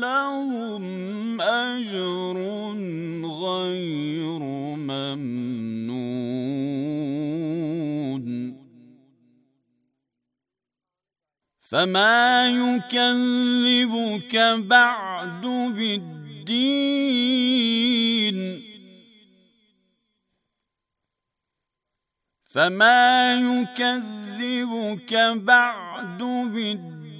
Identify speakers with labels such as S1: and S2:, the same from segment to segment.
S1: لهم أجر غير ممنون فما يكذبك بعد بالدين فما يكذبك بعد بالدين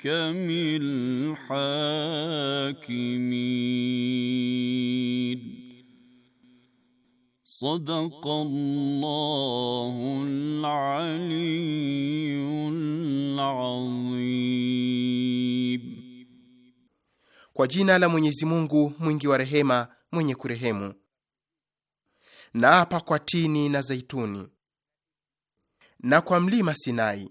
S1: أحكم الحاكمين صدق الله العلي العظيم
S2: Kwa jina la Mwenyezi Mungu mwingi wa rehema mwenye kurehemu. Na apa kwa tini na zaituni na kwa mlima Sinai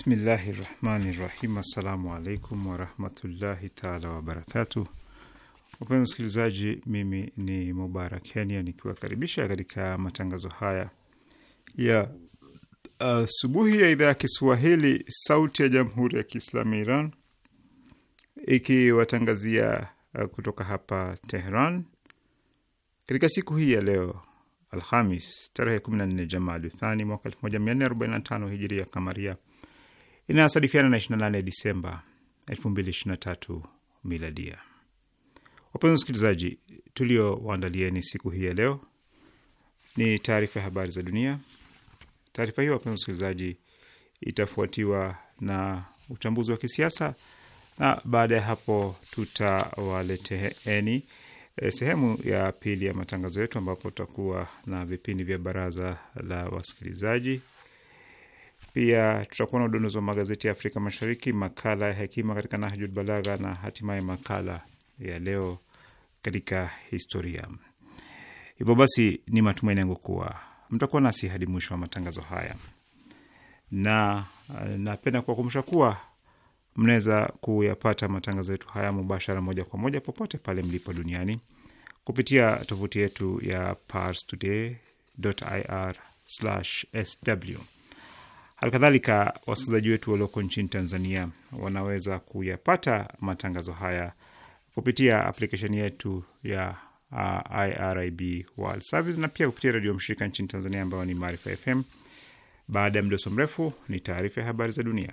S3: Bismillahi rahmani rahim. Assalamu alaikum warahmatullahi taala wabarakatuh. Wapenzi msikilizaji, mimi ni Mubarak Kenya nikiwakaribisha katika matangazo haya ya uh, asubuhi uh, ya idhaa ya Kiswahili sauti ya jamhuri ya Kiislamu Iran ikiwatangazia uh, kutoka hapa Tehran katika siku hii ya leo Alhamis tarehe 14 Jamaaduthani mwaka 1445 hijiria kamaria inayosadifiana na 28 Disemba 2023 miladia. Wapenzi wasikilizaji, tuliowaandalieni siku hii ya leo ni taarifa ya habari za dunia. Taarifa hiyo wapenzi wasikilizaji, itafuatiwa na uchambuzi wa kisiasa, na baada ya hapo tutawaleteeni eh, sehemu ya pili ya matangazo yetu, ambapo tutakuwa na vipindi vya baraza la wasikilizaji pia tutakuwa na udondozi wa magazeti ya Afrika Mashariki, makala ya hekima katika Nahjud Balagha na hatimaye makala ya leo katika historia. Hivyo basi, ni matumaini yangu kuwa mtakuwa nasi hadi mwisho wa matangazo haya, na eh, napenda kuwakumbusha kuwa mnaweza kuyapata matangazo yetu haya mubashara, moja kwa moja, popote pale mlipo duniani kupitia tovuti yetu ya parstoday.ir/sw Halikadhalika, wasikilizaji wetu walioko nchini Tanzania wanaweza kuyapata matangazo haya kupitia aplikesheni yetu ya uh, IRIB World Service na pia kupitia redio mshirika nchini Tanzania ambayo ni Maarifa FM. Baada ya mdoso mrefu, ni taarifa ya habari za dunia.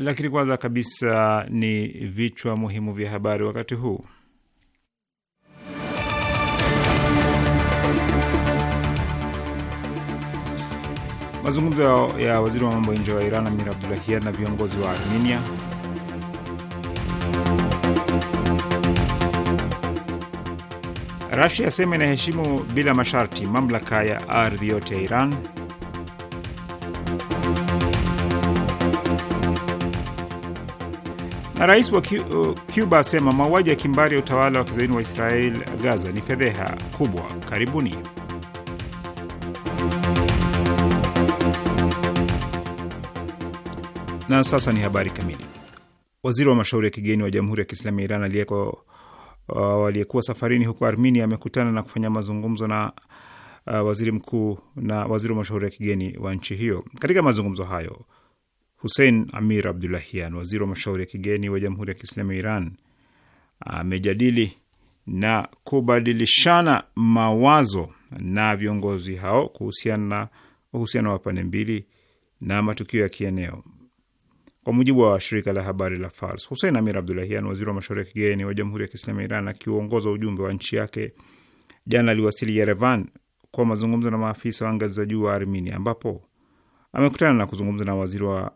S3: lakini kwanza kabisa ni vichwa muhimu vya habari wakati huu. Mazungumzo ya waziri wa mambo ya nje wa Iran Amir Abdulahian na viongozi wa Armenia. Rasia yasema inaheshimu bila masharti mamlaka ya ardhi yote ya Iran. Rais wa uh, Cuba asema mauaji ya kimbari ya utawala wa kizaini wa Israel Gaza ni fedheha kubwa. Karibuni. Na sasa ni habari kamili. Waziri wa mashauri ya kigeni wa Jamhuri ya Kiislamu ya Iran aliyeko uh, aliyekuwa safarini huko Armenia amekutana na kufanya mazungumzo na uh, waziri mkuu na waziri wa mashauri ya kigeni wa nchi hiyo. Katika mazungumzo hayo Hussein Amir Abdulahian, waziri wa mashauri ya kigeni wa Jamhuri ya Kiislamu ya Iran, amejadili na kubadilishana mawazo na viongozi hao kuhusiana na uhusiano wa pande mbili na matukio ya kieneo. Kwa mujibu wa shirika la habari la Fars, Hussein Amir Abdulahian, waziri wa mashauri ya kigeni wa Jamhuri ya Kiislamu ya Iran, akiuongoza ujumbe wa nchi yake, jana aliwasili Yerevan kwa mazungumzo na maafisa wa ngazi za juu wa Armenia, ambapo amekutana na kuzungumza na waziri wa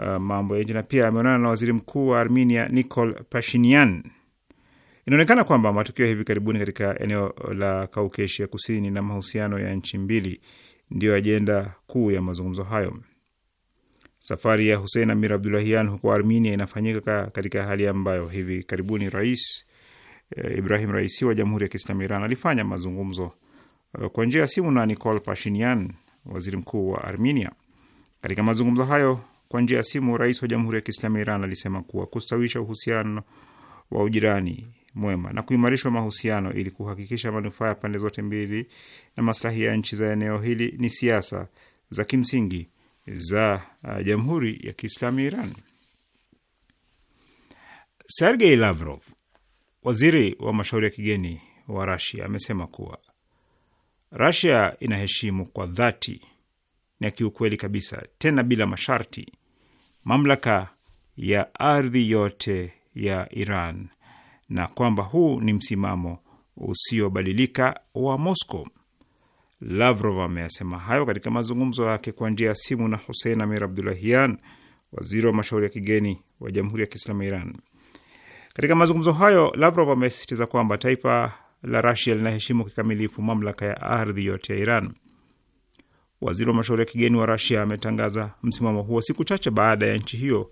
S3: Uh, mambo ya nje na pia ameonana na waziri mkuu wa Armenia Nikol Pashinyan. Inaonekana kwamba matukio ya hivi karibuni katika eneo la Kaukesia kusini na mahusiano ya nchi mbili ndiyo ajenda kuu ya mazungumzo hayo. Safari ya Hussein Amir Abdullahian huko Armenia inafanyika katika hali ambayo hivi karibuni rais eh, Ibrahim Raisi wa Jamhuri ya Kiislamu Iran alifanya mazungumzo eh, kwa njia ya simu na Nikol Pashinyan, waziri mkuu wa Armenia. Katika mazungumzo hayo kwa njia ya simu, rais wa Jamhuri ya Kiislamu ya Iran alisema kuwa kustawisha uhusiano wa ujirani mwema na kuimarishwa mahusiano ili kuhakikisha manufaa ya pande zote mbili na maslahi ya nchi za eneo hili ni siasa za kimsingi za uh, Jamhuri ya Kiislamu ya Iran. Sergei Lavrov, waziri wa mashauri ya kigeni wa Rasia, amesema kuwa Rasia inaheshimu kwa dhati na kiukweli kabisa, tena bila masharti, mamlaka ya ardhi yote ya Iran na kwamba huu ni msimamo usiobadilika wa Moscow. Lavrov ameyasema hayo katika mazungumzo yake kwa njia ya simu na Hussein Amir Abdulahian, waziri wa mashauri ya kigeni wa Jamhuri ya Kiislamu ya Iran. Katika mazungumzo hayo, Lavrov amesisitiza kwamba taifa la Rasia linaheshimu kikamilifu mamlaka ya ardhi yote ya Iran. Waziri wa mashauri ya kigeni wa Rasia ametangaza msimamo huo siku chache baada ya nchi hiyo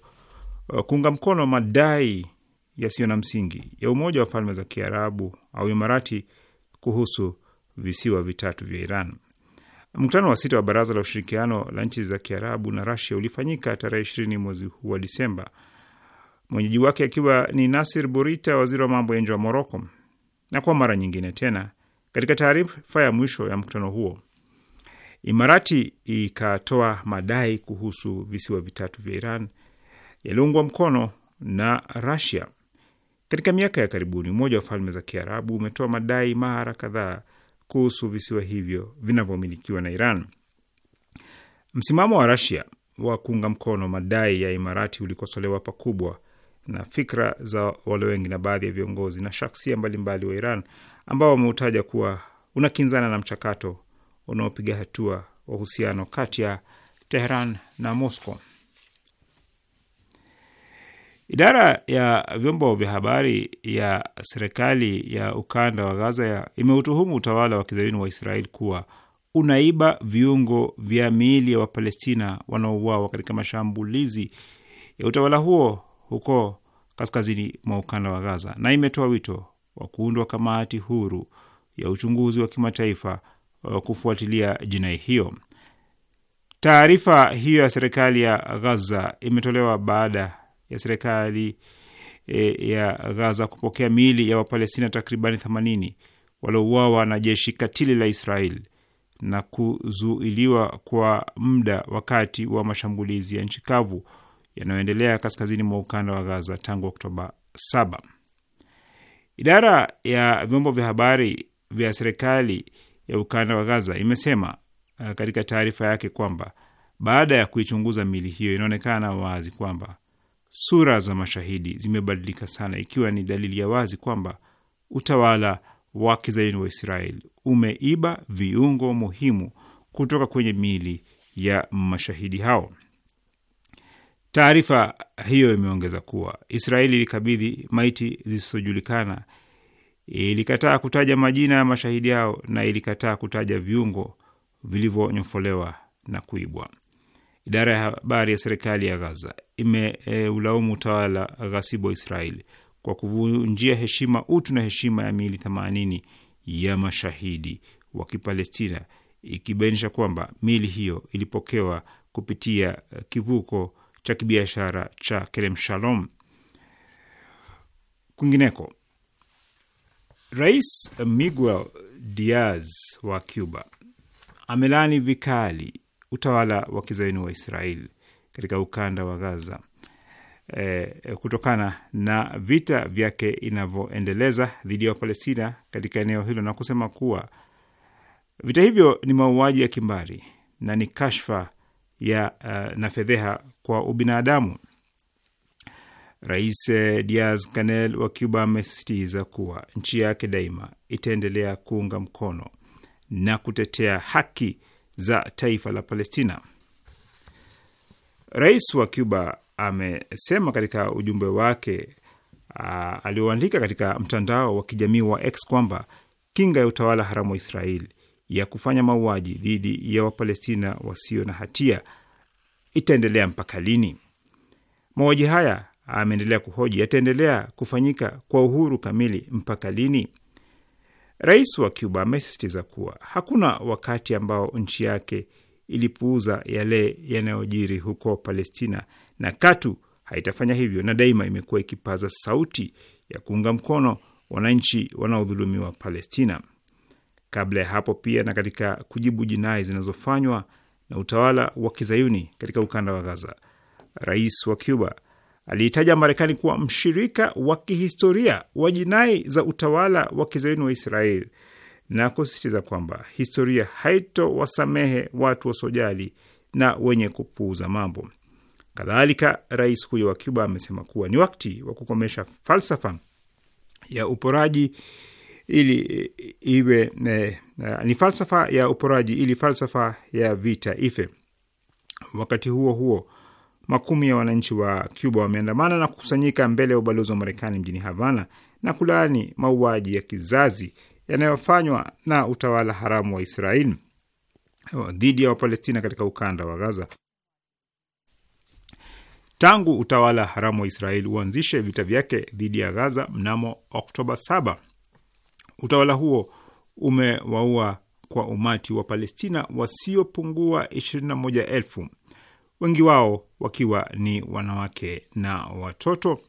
S3: uh, kuunga mkono madai yasiyo na msingi ya Umoja wa Falme za Kiarabu au Imarati kuhusu visiwa vitatu vya Iran. Mkutano wa sita wa Baraza la Ushirikiano la Nchi za Kiarabu na Rasia ulifanyika tarehe ishirini mwezi huu wa Disemba, mwenyeji wake akiwa ni Nasir Burita, waziri wa mambo ya nje wa Moroko. Na kwa mara nyingine tena, katika taarifa ya mwisho ya mkutano huo Imarati ikatoa madai kuhusu visiwa vitatu vya Iran yaliungwa mkono na Rasia. Katika miaka ya karibuni, Umoja wa Falme za Kiarabu umetoa madai mara kadhaa kuhusu visiwa hivyo vinavyomilikiwa na Iran. Msimamo wa Rasia wa kuunga mkono madai ya Imarati ulikosolewa pakubwa na fikra za wale wengi na baadhi ya viongozi na shaksia mbalimbali wa Iran ambao wameutaja kuwa unakinzana na mchakato unaopiga hatua uhusiano kati ya Teheran na Moscow. Idara ya vyombo vya habari ya serikali ya ukanda wa Gaza imeutuhumu utawala wa kizayuni wa Israel kuwa unaiba viungo vya miili ya Wapalestina wanaouawa katika mashambulizi ya utawala huo huko kaskazini mwa ukanda wa Gaza, na imetoa wito wa kuundwa kamati huru ya uchunguzi wa kimataifa Uh, kufuatilia jinai hiyo. Taarifa hiyo ya serikali ya Gaza imetolewa baada ya serikali e, ya Gaza kupokea miili ya Wapalestina takribani 80 waliouawa na jeshi katili la Israel na kuzuiliwa kwa muda wakati wa mashambulizi ya nchi kavu yanayoendelea kaskazini mwa ukanda wa Gaza tangu Oktoba 7. Idara ya vyombo vya habari vya serikali ya ukanda wa Gaza imesema uh, katika taarifa yake kwamba baada ya kuichunguza mili hiyo inaonekana wazi kwamba sura za mashahidi zimebadilika sana, ikiwa ni dalili ya wazi kwamba utawala wa kizayuni wa Israeli umeiba viungo muhimu kutoka kwenye miili ya mashahidi hao. Taarifa hiyo imeongeza kuwa Israeli ilikabidhi maiti zisizojulikana ilikataa kutaja majina ya mashahidi hao na ilikataa kutaja viungo vilivyonyofolewa na kuibwa. Idara ya habari ya serikali ya Gaza imeulaumu e, utawala ghasibu wa Israeli kwa kuvunjia heshima utu na heshima ya miili 80 ya mashahidi wa Kipalestina, ikibainisha kwamba miili hiyo ilipokewa kupitia kivuko cha kibiashara cha Kerem Shalom. Kwingineko, Rais Miguel Diaz wa Cuba amelaani vikali utawala wa kizaini wa israel katika ukanda wa Gaza e, kutokana na vita vyake inavyoendeleza dhidi ya Wapalestina katika eneo hilo na kusema kuwa vita hivyo ni mauaji ya kimbari na ni kashfa ya uh, na fedheha kwa ubinadamu. Rais eh, Diaz Canel wa Cuba amesisitiza kuwa nchi yake daima itaendelea kuunga mkono na kutetea haki za taifa la Palestina. Rais wa Cuba amesema katika ujumbe wake ah, alioandika katika mtandao wa kijamii wa X kwamba kinga ya utawala haramu wa Israeli ya kufanya mauaji dhidi ya Wapalestina wasio na hatia itaendelea mpaka lini? Mauaji haya ameendelea kuhoji, yataendelea kufanyika kwa uhuru kamili mpaka lini? Rais wa Cuba amesisitiza kuwa hakuna wakati ambao nchi yake ilipuuza yale yanayojiri huko Palestina na katu haitafanya hivyo, na daima imekuwa ikipaza sauti ya kuunga mkono wananchi wanaodhulumiwa Palestina. Kabla ya hapo pia, na katika kujibu jinai zinazofanywa na utawala wa kizayuni katika ukanda wa Gaza, rais wa Cuba aliitaja Marekani kuwa mshirika wa kihistoria wa jinai za utawala wa kizayuni wa Israel na kusisitiza kwamba historia haitowasamehe watu wasojali na wenye kupuuza mambo. Kadhalika, rais huyo wa Cuba amesema kuwa ni wakati wa kukomesha falsafa ya uporaji ili iwe ne, eh, ni falsafa ya uporaji ili falsafa ya vita ife. Wakati huo huo makumi ya wananchi wa Cuba wameandamana na kukusanyika mbele ya ubalozi wa Marekani mjini Havana na kulaani mauaji ya kizazi yanayofanywa na utawala haramu wa Israeli dhidi ya Wapalestina katika ukanda wa Gaza. Tangu utawala haramu wa Israeli uanzishe vita vyake dhidi ya Gaza mnamo Oktoba 7, utawala huo umewaua kwa umati wa Palestina wasiopungua elfu wengi wao wakiwa ni wanawake na watoto,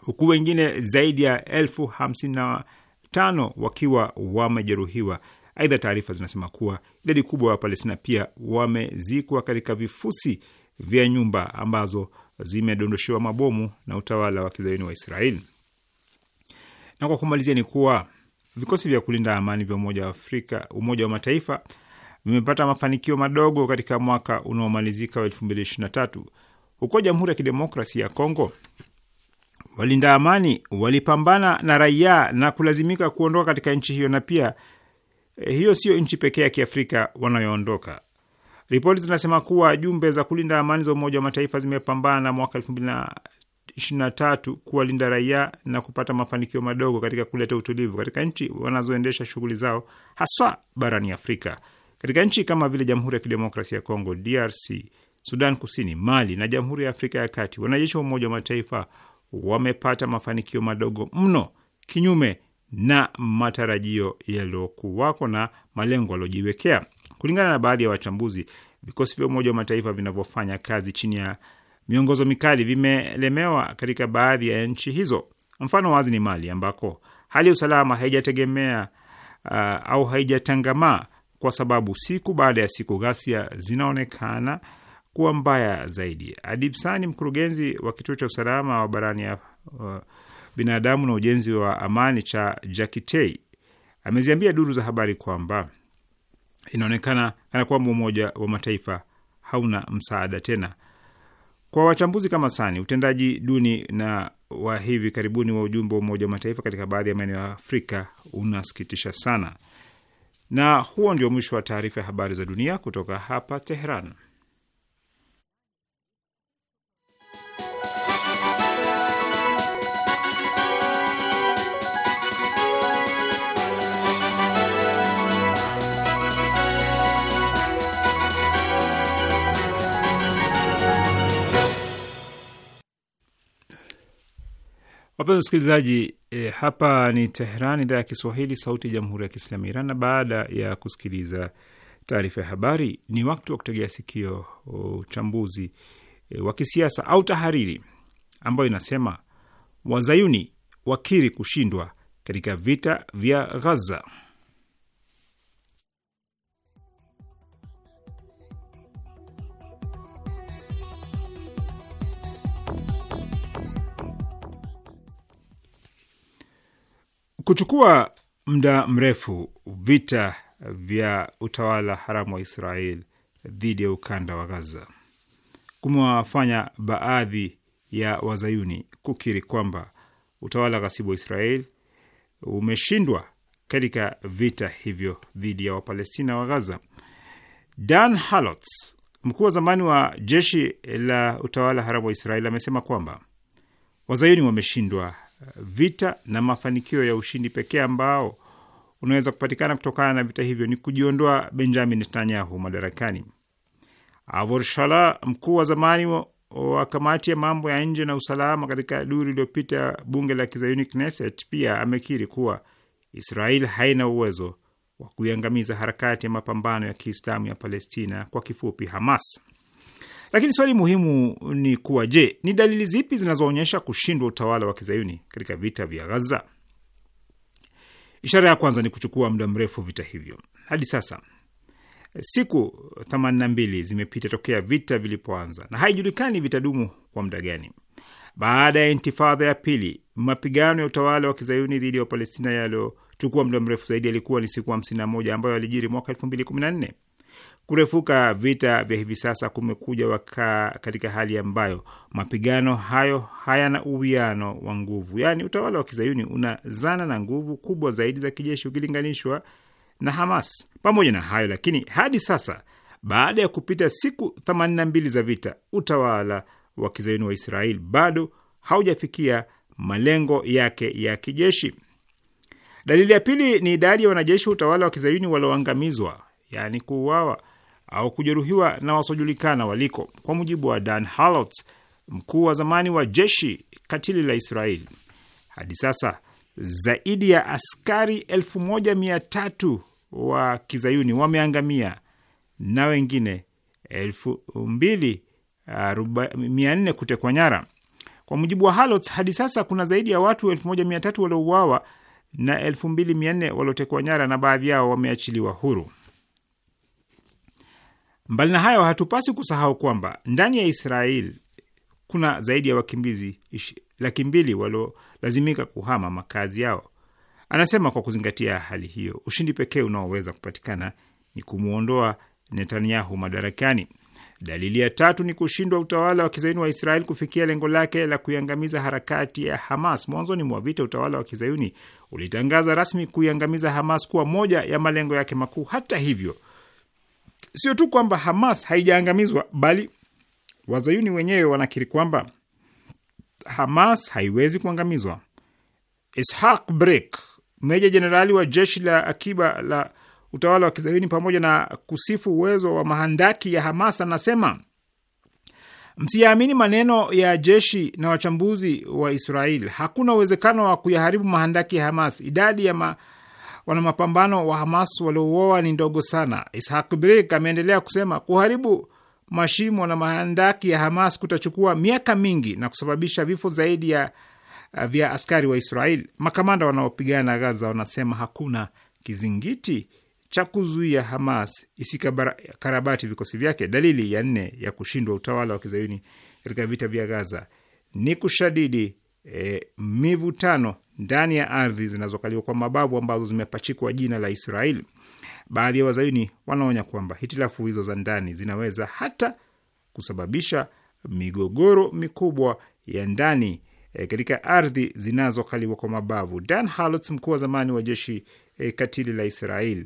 S3: huku wengine zaidi ya elfu hamsini na tano wakiwa wamejeruhiwa. Aidha, taarifa zinasema kuwa idadi kubwa ya Wapalestina pia wamezikwa katika vifusi vya nyumba ambazo zimedondoshewa mabomu na utawala wa kizayuni wa Israeli. Na kwa kumalizia ni kuwa vikosi vya kulinda amani vya Umoja wa Afrika, Umoja wa Mataifa vimepata mafanikio madogo katika mwaka unaomalizika wa elfu mbili na tatu. Huko Jamhuri ya Kidemokrasi ya Kongo, walinda amani walipambana na raia na kulazimika kuondoka katika nchi hiyo, na pia eh, hiyo siyo nchi pekee ya Kiafrika wanayoondoka. Ripoti zinasema kuwa jumbe za kulinda amani za Umoja wa Mataifa zimepambana na mwaka elfu mbili na na tatu kuwalinda raia na kupata mafanikio madogo katika kuleta utulivu katika nchi wanazoendesha shughuli zao, haswa barani Afrika. Katika nchi kama vile Jamhuri ya Kidemokrasia ya Kongo, DRC, Sudan Kusini, Mali na Jamhuri ya Afrika ya Kati, wanajeshi wa Umoja wa Mataifa wamepata mafanikio madogo mno, kinyume na matarajio yaliyokuwako na malengo waliojiwekea. Kulingana na baadhi ya wachambuzi, vikosi vya Umoja wa Mataifa vinavyofanya kazi chini ya miongozo mikali vimelemewa katika baadhi ya nchi hizo. Mfano wazi ni Mali ambako hali ya usalama haijategemea uh, au haijatangamaa kwa sababu siku baada ya siku ghasia zinaonekana kuwa mbaya zaidi. Adipsani, mkurugenzi wa kituo cha usalama wa barani ya uh, binadamu na ujenzi wa amani cha Jakitei, ameziambia duru za habari kwamba inaonekana kana kwamba Umoja wa Mataifa hauna msaada tena. Kwa wachambuzi kama Sani, utendaji duni na wa hivi karibuni wa ujumbe wa Umoja wa Mataifa katika baadhi ya maeneo ya Afrika unasikitisha sana. Na huo ndio mwisho wa taarifa ya habari za dunia kutoka hapa Tehran. Wapenzi wasikilizaji, e, hapa ni Tehran, idhaa ya Kiswahili, sauti ya jamhuri ya kiislamu Iran. Na baada ya kusikiliza taarifa ya habari, ni wakati wa kutegea sikio uchambuzi e, wa kisiasa au tahariri ambayo inasema wazayuni wakiri kushindwa katika vita vya Ghaza. Kuchukua muda mrefu vita vya utawala haramu wa Israel dhidi ya ukanda wa Gaza kumewafanya baadhi ya wazayuni kukiri kwamba utawala ghasibu wa Israel umeshindwa katika vita hivyo dhidi ya Wapalestina wa Gaza. Dan Halots, mkuu wa zamani wa jeshi la utawala haramu wa Israel, amesema kwamba wazayuni wameshindwa vita na mafanikio ya ushindi pekee ambao unaweza kupatikana kutokana na vita hivyo ni kujiondoa Benjamin Netanyahu madarakani. Avor Shala, mkuu wa zamani wa kamati ya mambo ya nje na usalama katika duru iliyopita bunge la kizayuni Knesset, pia amekiri kuwa Israel haina uwezo wa kuiangamiza harakati ya mapambano ya Kiislamu ya Palestina, kwa kifupi Hamas. Lakini swali muhimu ni kuwa je, ni dalili zipi zinazoonyesha kushindwa utawala wa kizayuni katika vita vya Gaza? Ishara ya kwanza ni kuchukua muda mrefu vita hivyo. Hadi sasa siku 82 zimepita tokea vita vilipoanza na haijulikani vitadumu kwa muda gani. Baada ya intifadha ya pili, mapigano ya utawala wa kizayuni dhidi ya Wapalestina yaliyochukua muda mrefu zaidi yalikuwa ni siku 51 ambayo yalijiri mwaka 2014. Kurefuka vita vya hivi sasa kumekuja waka katika hali ambayo mapigano hayo hayana uwiano wa nguvu, yaani utawala wa kizayuni una zana na nguvu kubwa zaidi za kijeshi ukilinganishwa na Hamas. Pamoja na hayo lakini, hadi sasa baada ya kupita siku 82 za vita, utawala wa kizayuni wa Israel bado haujafikia malengo yake ya kijeshi. Dalili ya pili ni idadi ya wanajeshi wa utawala wa kizayuni walioangamizwa, yaani kuuawa au kujeruhiwa na wasiojulikana waliko, kwa mujibu wa Dan halot mkuu wa zamani wa jeshi katili la Israeli. Hadi sasa zaidi ya askari elfu moja mia tatu wa kizayuni wameangamia na wengine elfu mbili uh, mia nne kutekwa nyara. Kwa mujibu wa halot hadi sasa kuna zaidi ya watu elfu moja mia tatu waliouawa na elfu mbili mia nne waliotekwa nyara na baadhi yao wameachiliwa huru. Mbali na hayo, hatupasi kusahau kwamba ndani ya Israel kuna zaidi ya wakimbizi laki mbili waliolazimika kuhama makazi yao. Anasema kwa kuzingatia hali hiyo, ushindi pekee unaoweza kupatikana ni kumwondoa Netanyahu madarakani. Dalili ya tatu ni kushindwa utawala wa kizayuni wa Israel kufikia lengo lake la kuiangamiza harakati ya Hamas. Mwanzoni mwa vita, utawala wa kizayuni ulitangaza rasmi kuiangamiza Hamas kuwa moja ya malengo yake makuu. Hata hivyo Sio tu kwamba Hamas haijaangamizwa, bali wazayuni wenyewe wanakiri kwamba Hamas haiwezi kuangamizwa. Ishaq Brek, meja jenerali wa jeshi la akiba la utawala wa kizayuni, pamoja na kusifu uwezo wa mahandaki ya Hamas, anasema msiyaamini maneno ya jeshi na wachambuzi wa Israel. Hakuna uwezekano wa kuyaharibu mahandaki ya Hamas. Idadi ya ma wanamapambano wa Hamas waliouoa ni ndogo sana. Ishaq Brik ameendelea kusema kuharibu mashimo na mahandaki ya Hamas kutachukua miaka mingi na kusababisha vifo zaidi ya eh, vya askari wa Israel. Makamanda wanaopigana Gaza wanasema hakuna kizingiti cha kuzuia Hamas isikarabati vikosi vyake. Dalili ya nne ya kushindwa utawala wa kizayuni katika vita vya Gaza ni kushadidi e, mivutano ndani ya ardhi zinazokaliwa kwa mabavu ambazo zimepachikwa jina la Israeli. Baadhi ya wazayuni wanaonya kwamba hitilafu hizo za ndani zinaweza hata kusababisha migogoro mikubwa ya ndani e, katika ardhi zinazokaliwa kwa mabavu. Dan Halutz, mkuu wa zamani wa jeshi e, katili la Israel,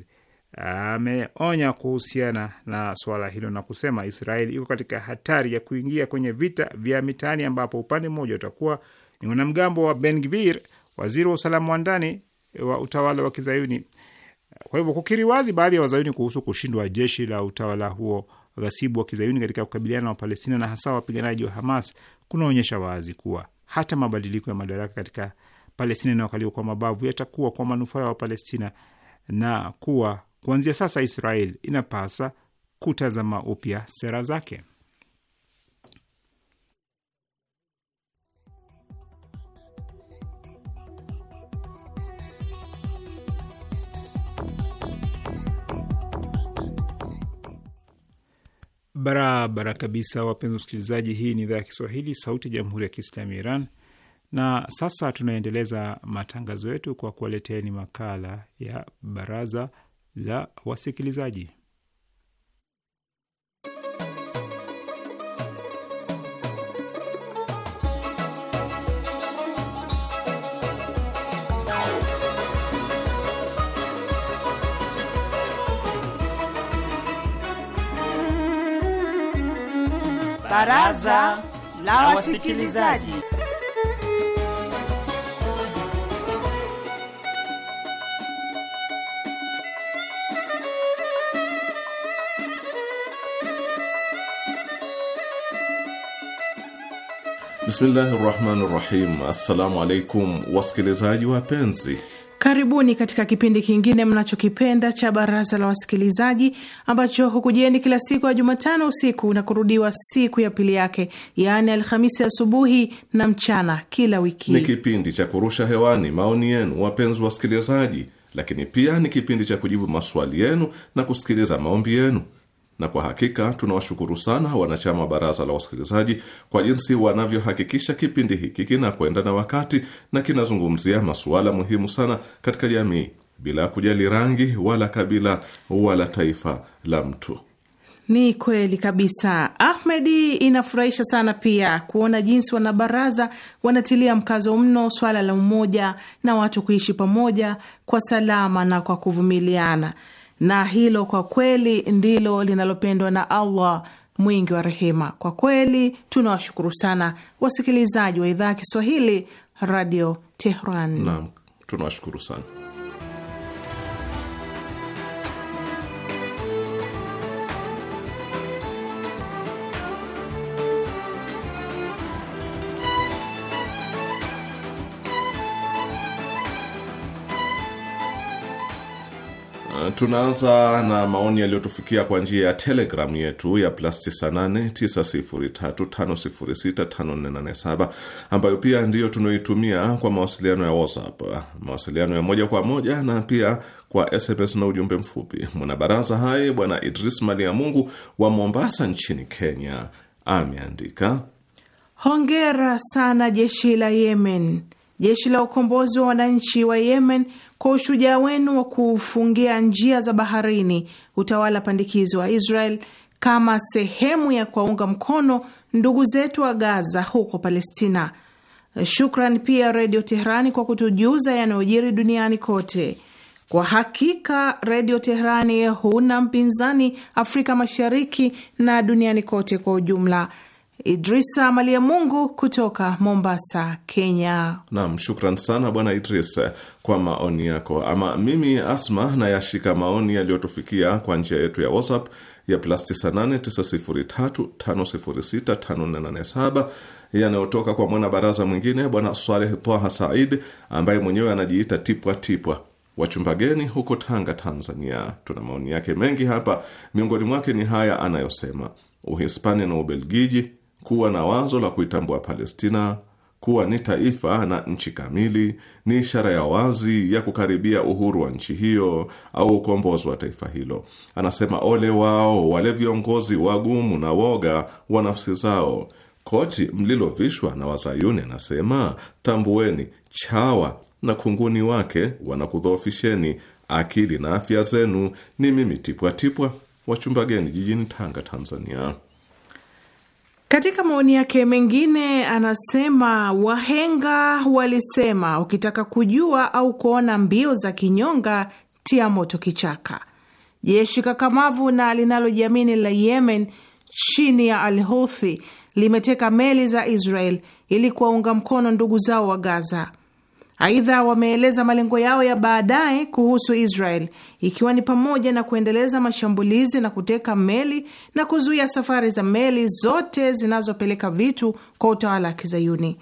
S3: ameonya kuhusiana na suala hilo na kusema Israel iko katika hatari ya kuingia kwenye vita vya mitaani ambapo upande mmoja utakuwa ni wanamgambo wa Ben Gvir waziri wa usalama wa ndani wa utawala wa Kizayuni. Kwa hivyo kukiri wazi baadhi ya Wazayuni kuhusu kushindwa jeshi la utawala huo ghasibu wa Kizayuni katika kukabiliana na Wapalestina na hasa wapiganaji wa Hamas kunaonyesha wazi kuwa hata mabadiliko ya madaraka katika Palestina inayokaliwa kwa mabavu yatakuwa kwa manufaa ya Wapalestina na kuwa kuanzia sasa Israel inapasa kutazama upya sera zake. Barabara kabisa, wapenzi wasikilizaji, hii ni idhaa ya Kiswahili, sauti ya jamhuri ya kiislamu ya Iran. Na sasa tunaendeleza matangazo yetu kwa kuwaleteni makala ya baraza la wasikilizaji.
S4: Baraza la Wasikilizaji.
S2: Bismillahi rahmani rahim. Assalamu alaikum wasikilizaji wapenzi,
S4: Karibuni katika kipindi kingine mnachokipenda cha Baraza la Wasikilizaji, ambacho hukujieni kila siku ya Jumatano usiku na kurudiwa siku ya pili yake, yaani Alhamisi asubuhi ya na mchana kila wiki. Ni
S2: kipindi cha kurusha hewani maoni yenu, wapenzi wasikilizaji, lakini pia ni kipindi cha kujibu maswali yenu na kusikiliza maombi yenu na kwa hakika tunawashukuru sana wanachama wa baraza la wasikilizaji kwa jinsi wanavyohakikisha kipindi hiki kinakwenda na wakati na kinazungumzia masuala muhimu sana katika jamii bila kujali rangi wala kabila wala taifa la mtu.
S4: Ni kweli kabisa, Ahmedi. Inafurahisha sana pia kuona jinsi wanabaraza wanatilia mkazo mno swala la umoja na watu kuishi pamoja kwa salama na kwa kuvumiliana na hilo kwa kweli ndilo linalopendwa na Allah mwingi wa rehema. Kwa kweli tunawashukuru sana wasikilizaji wa idhaa ya Kiswahili Radio Tehran. Naam,
S2: tunawashukuru sana. Tunaanza na maoni yaliyotufikia kwa njia ya telegramu yetu ya plus 989035065487 ambayo pia ndiyo tunaoitumia kwa mawasiliano ya WhatsApp, mawasiliano ya moja kwa moja na pia kwa SMS na ujumbe mfupi. Mwanabaraza hai Bwana Idris Mali ya Mungu wa Mombasa nchini Kenya ameandika,
S4: hongera sana jeshi la Yemen Jeshi la ukombozi wa wananchi wa Yemen, kwa ushujaa wenu wa kufungia njia za baharini utawala pandikizi wa Israel kama sehemu ya kuwaunga mkono ndugu zetu wa Gaza huko Palestina. Shukran pia Redio Teherani kwa kutujuza yanayojiri duniani kote. Kwa hakika Redio Teherani huna mpinzani Afrika Mashariki na duniani kote kwa ujumla. Idrisa Malia Mungu kutoka Mombasa, Kenya.
S2: Naam, shukran sana Bwana Idris kwa maoni yako. Ama mimi Asma nayashika maoni yaliyotufikia kwa njia yetu ya WhatsApp ya plus 989035065487 yanayotoka kwa mwanabaraza mwingine Bwana swaleh Twaha Said ambaye mwenyewe anajiita Tipwa Tipwa Wachumbageni huko Tanga, Tanzania. Tuna maoni yake mengi hapa, miongoni mwake ni haya anayosema: Uhispania na Ubelgiji kuwa na wazo la kuitambua Palestina kuwa ni taifa na nchi kamili ni ishara ya wazi ya kukaribia uhuru wa nchi hiyo au ukombozi wa taifa hilo. Anasema ole wao wale viongozi wagumu na woga wa nafsi zao, koti mlilovishwa na Wazayuni. Anasema tambueni, chawa na kunguni wake wanakudhoofisheni, akili na afya zenu. Ni mimi Tipwatipwa wa Chumbageni jijini Tanga, Tanzania.
S4: Katika maoni yake mengine anasema wahenga walisema, ukitaka kujua au kuona mbio za kinyonga, tia moto kichaka. Jeshi kakamavu na linalojiamini la Yemen chini ya Al Houthi limeteka meli za Israel ili kuwaunga mkono ndugu zao wa Gaza. Aidha, wameeleza malengo yao ya baadaye kuhusu Israel ikiwa ni pamoja na kuendeleza mashambulizi na kuteka meli na kuzuia safari za meli zote zinazopeleka vitu kwa utawala wa Kizayuni.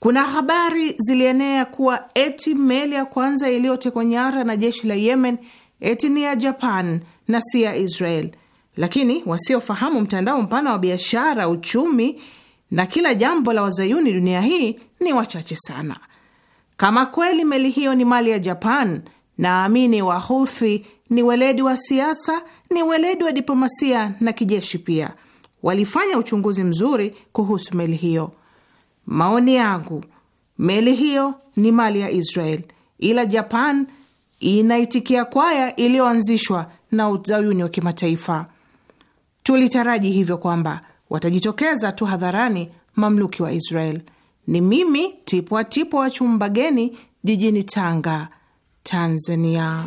S4: Kuna habari zilienea kuwa eti meli ya kwanza iliyotekwa nyara na jeshi la Yemen eti ni ya Japan na si ya Israel, lakini wasiofahamu mtandao mpana wa biashara, uchumi na kila jambo la wazayuni dunia hii ni wachache sana. Kama kweli meli hiyo ni mali ya Japan, naamini Wahuthi ni weledi wa siasa, ni weledi wa diplomasia na kijeshi pia. Walifanya uchunguzi mzuri kuhusu meli hiyo. Maoni yangu, meli hiyo ni mali ya Israel, ila Japan inaitikia kwaya iliyoanzishwa na uzayuni wa kimataifa. Tulitaraji hivyo kwamba watajitokeza tu hadharani mamluki wa Israel. Ni mimi Tipwa Tipwa wa geni jijini Tanga, Tanzania.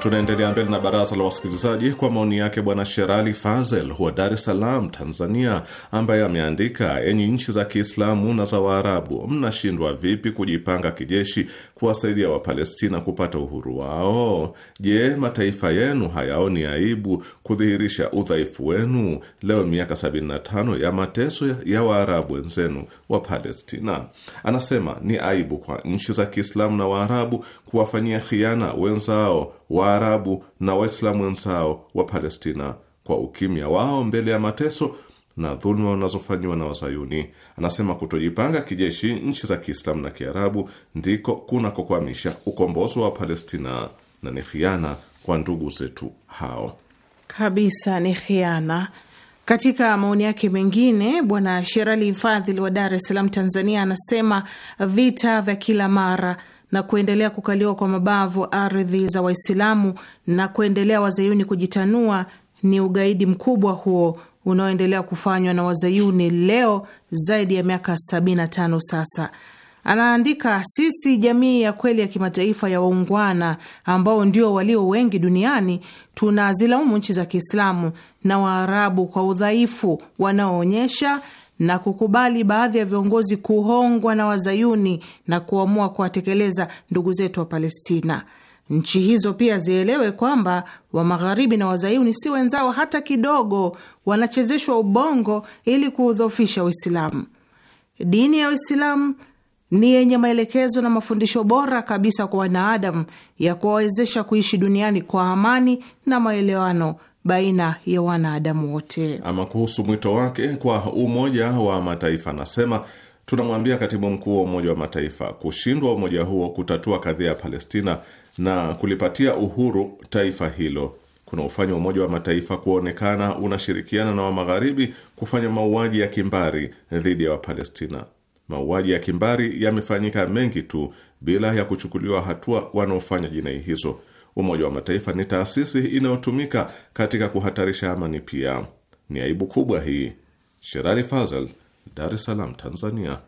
S2: Tunaendelea mbele na baraza la wasikilizaji kwa maoni yake Bwana Sherali Fazel wa Dar es Salaam, Tanzania, ambaye ameandika: enyi nchi za Kiislamu na za Waarabu, mnashindwa vipi kujipanga kijeshi kuwasaidia Wapalestina kupata uhuru wao? Je, mataifa yenu hayaoni aibu kudhihirisha udhaifu wenu leo miaka 75 ya mateso ya Waarabu wenzenu wa Palestina? Anasema ni aibu kwa nchi za Kiislamu na Waarabu kuwafanyia khiana wenzao Waarabu na Waislamu wenzao wa Palestina kwa ukimya wao mbele ya mateso na dhuluma wanazofanyiwa na Wazayuni. Anasema kutojipanga kijeshi nchi za Kiislamu na Kiarabu ndiko kunakokwamisha ukombozi wa Palestina na ni khiana kwa ndugu zetu hao.
S4: Kabisa ni khiana. Katika maoni yake mengine, Bwana Sherali Fadhil wa Dar es Salaam, Tanzania, anasema vita vya kila mara na kuendelea kukaliwa kwa mabavu ardhi za Waislamu na kuendelea wazayuni kujitanua ni ugaidi mkubwa huo unaoendelea kufanywa na wazayuni leo zaidi ya miaka 75 sasa. Anaandika, sisi jamii ya kweli ya kimataifa ya waungwana ambao ndio walio wengi duniani tunazilaumu nchi za Kiislamu na Waarabu kwa udhaifu wanaoonyesha na kukubali baadhi ya viongozi kuhongwa na wazayuni na kuamua kuwatekeleza ndugu zetu wa Palestina. Nchi hizo pia zielewe kwamba wa magharibi na wazayuni si wenzao hata kidogo, wanachezeshwa ubongo ili kuudhofisha Uislamu. Dini ya Uislamu ni yenye maelekezo na mafundisho bora kabisa kwa wanaadamu ya kuwawezesha kuishi duniani kwa amani na maelewano baina ya wanadamu wote.
S2: Ama kuhusu mwito wake kwa Umoja wa Mataifa, anasema tunamwambia katibu mkuu wa Umoja wa Mataifa, kushindwa umoja huo kutatua kadhia ya Palestina na kulipatia uhuru taifa hilo kuna ufanya Umoja wa Mataifa kuonekana unashirikiana na wa Magharibi kufanya mauaji ya kimbari dhidi ya Wapalestina. Mauaji ya kimbari yamefanyika mengi tu bila ya kuchukuliwa hatua wanaofanya jinai hizo. Umoja wa Mataifa ni taasisi inayotumika katika kuhatarisha amani pia. Ni aibu kubwa hii. Sherali Fazal, Dar es Salaam, Tanzania.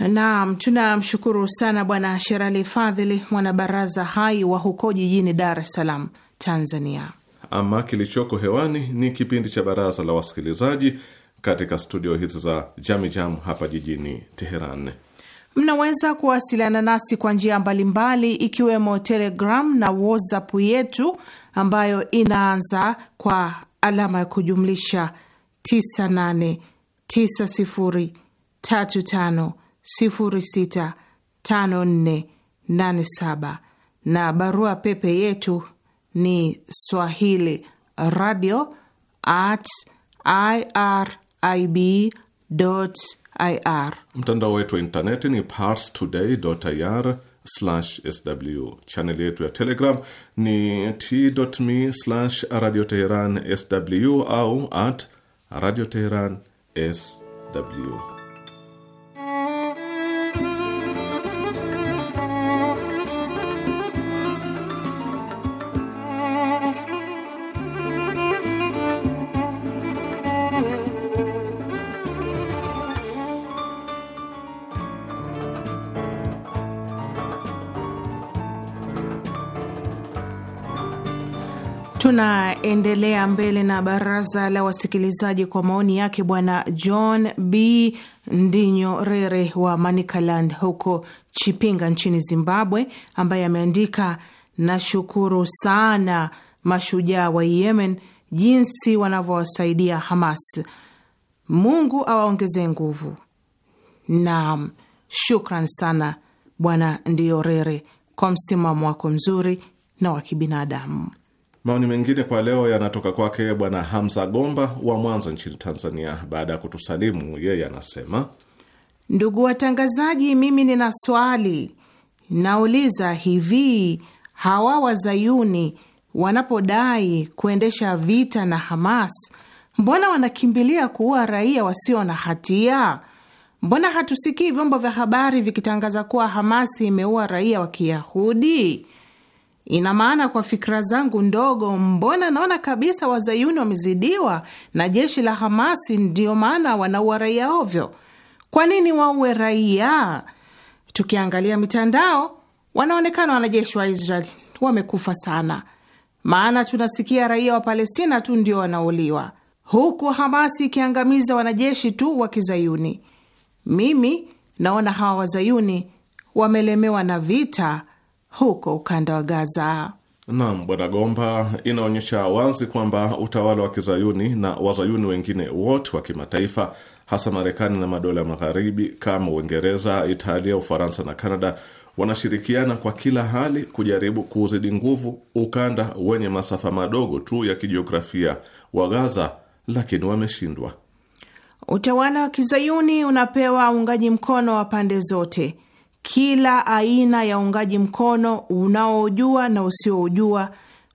S4: Naam, tunamshukuru sana Bwana Sherali Fadhili, mwanabaraza hai wa huko jijini Dar es Salaam, Tanzania.
S2: Ama kilichoko hewani ni kipindi cha Baraza la Wasikilizaji katika studio hizi za Jamijam hapa jijini Teheran.
S4: Mnaweza kuwasiliana nasi kwa njia mbalimbali, ikiwemo Telegram na WhatsApp yetu ambayo inaanza kwa alama ya kujumlisha 989035065487 na barua pepe yetu ni swahili radio at irib ir. Mtandao wetu
S2: wa intaneti ni ir sw. Chaneli yetu ya Telegram ni t.me radio teheran sw au at radio teheran sw.
S4: Tunaendelea mbele na baraza la wasikilizaji kwa maoni yake bwana John B Ndinyo Rere wa Manicaland huko Chipinga nchini Zimbabwe, ambaye ameandika nashukuru sana mashujaa wa Yemen jinsi wanavyowasaidia Hamas. Mungu awaongeze nguvu. Naam, shukran sana bwana Rere kwa msimamo wako mzuri na wa kibinadamu.
S2: Maoni mengine kwa leo yanatoka kwake Bwana Hamza Gomba wa Mwanza nchini Tanzania. Baada ya kutusalimu, yeye anasema,
S4: ndugu watangazaji, mimi nina swali nauliza, hivi hawa wazayuni wanapodai kuendesha vita na Hamas, mbona wanakimbilia kuua raia wasio na hatia? Mbona hatusikii vyombo vya habari vikitangaza kuwa Hamasi imeua raia wa Kiyahudi? Ina maana kwa fikra zangu ndogo, mbona naona kabisa wazayuni wamezidiwa na jeshi la Hamasi, ndiyo maana wanaua raia ovyo. Kwa nini waue raia? Tukiangalia mitandao, wanaonekana wanajeshi wa Israel wamekufa sana, maana tunasikia raia wa Palestina tu ndio wanauliwa, huku Hamasi ikiangamiza wanajeshi tu wa Kizayuni. Mimi naona hawa wazayuni wamelemewa na vita huko ukanda wa Gaza.
S2: Naam, Bwana Gomba, inaonyesha wazi kwamba utawala wa kizayuni na wazayuni wengine wote wa kimataifa, hasa Marekani na madola ya magharibi kama Uingereza, Italia, Ufaransa na Kanada wanashirikiana kwa kila hali kujaribu kuuzidi nguvu ukanda wenye masafa madogo tu ya kijiografia wa Gaza, lakini wameshindwa.
S4: Utawala wa kizayuni unapewa uungaji mkono wa pande zote kila aina ya uungaji mkono unaojua na usioujua